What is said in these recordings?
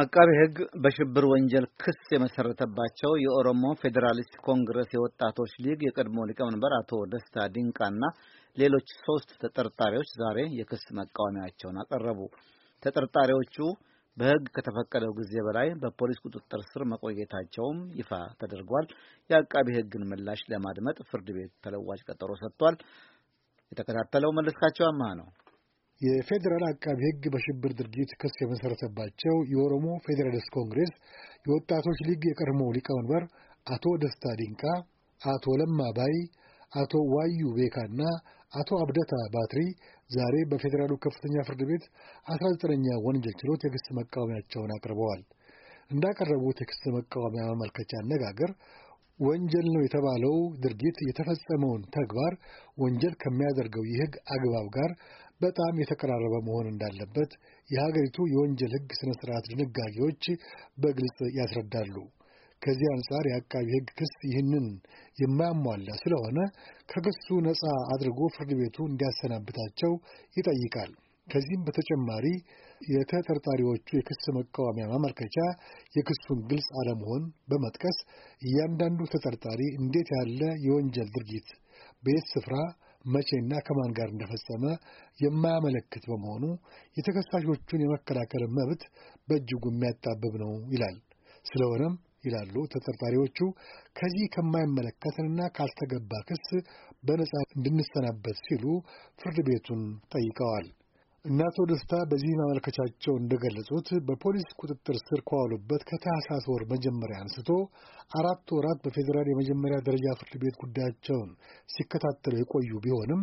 አቃቤ ሕግ በሽብር ወንጀል ክስ የመሰረተባቸው የኦሮሞ ፌዴራሊስት ኮንግረስ የወጣቶች ሊግ የቀድሞ ሊቀመንበር አቶ ደስታ ዲንቃና ሌሎች ሶስት ተጠርጣሪዎች ዛሬ የክስ መቃወሚያቸውን አቀረቡ። ተጠርጣሪዎቹ በሕግ ከተፈቀደው ጊዜ በላይ በፖሊስ ቁጥጥር ስር መቆየታቸውም ይፋ ተደርጓል። የአቃቤ ሕግን ምላሽ ለማድመጥ ፍርድ ቤት ተለዋጭ ቀጠሮ ሰጥቷል። የተከታተለው መለስካቸው አማሃ ነው። የፌዴራል አቃቢ ሕግ በሽብር ድርጊት ክስ የመሰረተባቸው የኦሮሞ ፌዴራሊስት ኮንግሬስ የወጣቶች ሊግ የቀድሞ ሊቀመንበር አቶ ደስታ ዲንቃ፣ አቶ ለማ ባይ፣ አቶ ዋዩ ቤካና አቶ አብደታ ባትሪ ዛሬ በፌዴራሉ ከፍተኛ ፍርድ ቤት 19ኛ ወንጀል ችሎት የክስ መቃወሚያቸውን አቅርበዋል። እንዳቀረቡት የክስ መቃወሚያ ማመልከቻ አነጋገር ወንጀል ነው የተባለው ድርጊት የተፈጸመውን ተግባር ወንጀል ከሚያደርገው የሕግ አግባብ ጋር በጣም የተቀራረበ መሆን እንዳለበት የሀገሪቱ የወንጀል ሕግ ስነ ስርዓት ድንጋጌዎች በግልጽ ያስረዳሉ። ከዚህ አንጻር የአቃቢ ሕግ ክስ ይህንን የማያሟላ ስለሆነ ከክሱ ነፃ አድርጎ ፍርድ ቤቱ እንዲያሰናብታቸው ይጠይቃል። ከዚህም በተጨማሪ የተጠርጣሪዎቹ የክስ መቃወሚያ ማመልከቻ የክሱን ግልጽ አለመሆን በመጥቀስ እያንዳንዱ ተጠርጣሪ እንዴት ያለ የወንጀል ድርጊት በየት ስፍራ መቼና ከማን ጋር እንደፈጸመ የማያመለክት በመሆኑ የተከሳሾቹን የመከላከል መብት በእጅጉ የሚያጣብብ ነው ይላል። ስለሆነም ይላሉ ተጠርጣሪዎቹ ከዚህ ከማይመለከትንና ካልተገባ ክስ በነጻ እንድንሰናበት ሲሉ ፍርድ ቤቱን ጠይቀዋል። እናቶ አቶ ደስታ በዚህ ማመልከቻቸው እንደገለጹት በፖሊስ ቁጥጥር ስር ከዋሉበት ከታህሳስ ወር መጀመሪያ አንስቶ አራት ወራት በፌዴራል የመጀመሪያ ደረጃ ፍርድ ቤት ጉዳያቸውን ሲከታተሉ የቆዩ ቢሆንም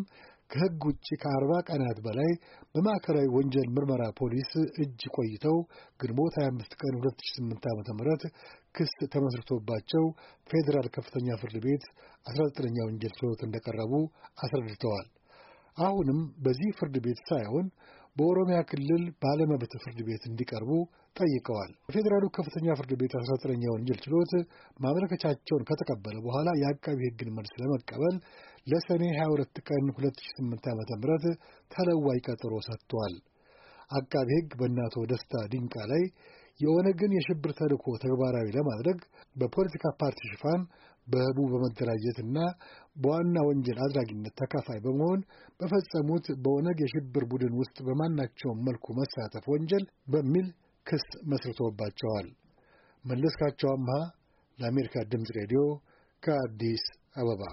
ከሕግ ውጭ ከአርባ ቀናት በላይ በማዕከላዊ ወንጀል ምርመራ ፖሊስ እጅ ቆይተው ግንቦት 25 ቀን 2008 ዓ.ም ክስ ተመስርቶባቸው ፌዴራል ከፍተኛ ፍርድ ቤት 19ኛ ወንጀል ችሎት እንደቀረቡ አስረድተዋል። አሁንም በዚህ ፍርድ ቤት ሳይሆን በኦሮሚያ ክልል ባለመብት ፍርድ ቤት እንዲቀርቡ ጠይቀዋል። የፌዴራሉ ከፍተኛ ፍርድ ቤት 19ኛ ወንጀል ችሎት ማመልከቻቸውን ከተቀበለ በኋላ የአቃቢ ሕግን መልስ ለመቀበል ለሰኔ 22 ቀን 2008 ዓ ም ተለዋጭ ቀጠሮ ሰጥቷል። አቃቢ ሕግ በእናቶ ደስታ ድንቃ ላይ የኦነግን የሽብር ተልዕኮ ተግባራዊ ለማድረግ በፖለቲካ ፓርቲ ሽፋን በህቡ በመደራጀትና በዋና ወንጀል አድራጊነት ተካፋይ በመሆን በፈጸሙት በኦነግ የሽብር ቡድን ውስጥ በማናቸውም መልኩ መሳተፍ ወንጀል በሚል ክስ መስርቶባቸዋል። መለስካቸው አምሃ ለአሜሪካ ድምፅ ሬዲዮ ከአዲስ አበባ